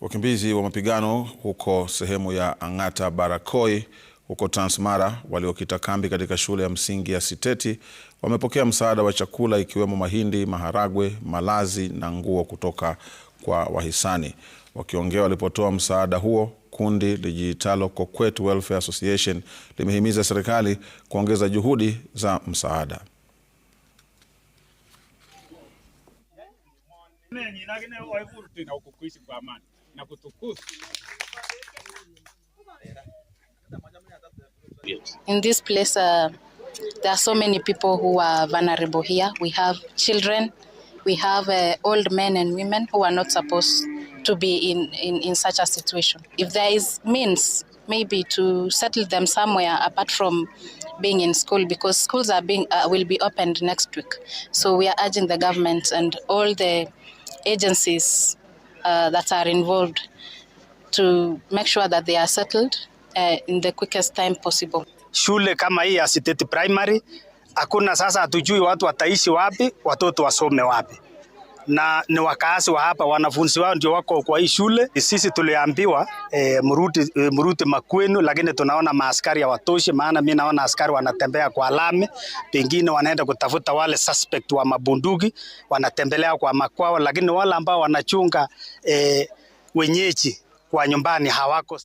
Wakimbizi wa mapigano huko sehemu ya Ang'ata barakoi huko Transmara waliokita kambi katika shule ya msingi ya Siteti wamepokea msaada wa chakula ikiwemo mahindi, maharagwe, malazi na nguo kutoka kwa wahisani. Wakiongea walipotoa msaada huo, kundi lijiitalo Kokwet Welfare Association limehimiza serikali kuongeza juhudi za msaada na kutukuza. In this place, uh, there are so many people who are vulnerable here. We have children, we have uh, old men and women who are not supposed to be in, in, in such a situation. If there is means maybe to settle them somewhere apart from being in school because schools are being uh, will be opened next week. So we are urging the government and all the agencies uh, that are involved to make sure that they are settled uh, in the quickest time possible. Shule kama hii ya Primary hakuna, sasa hatujui watu wataishi wapi, watoto wasome wapi na ni wakaasi wa hapa, wanafunzi wao ndio wako kwa hii shule. Sisi tuliambiwa e, eh, mrudi e, eh, mrudi makwenu, lakini tunaona maaskari hawatoshi. Maana mi naona askari wanatembea kwa lami, pengine wanaenda kutafuta wale suspect wa mabunduki, wanatembelea kwa makwao, lakini wale ambao wanachunga e, wenyeji kwa nyumbani hawako.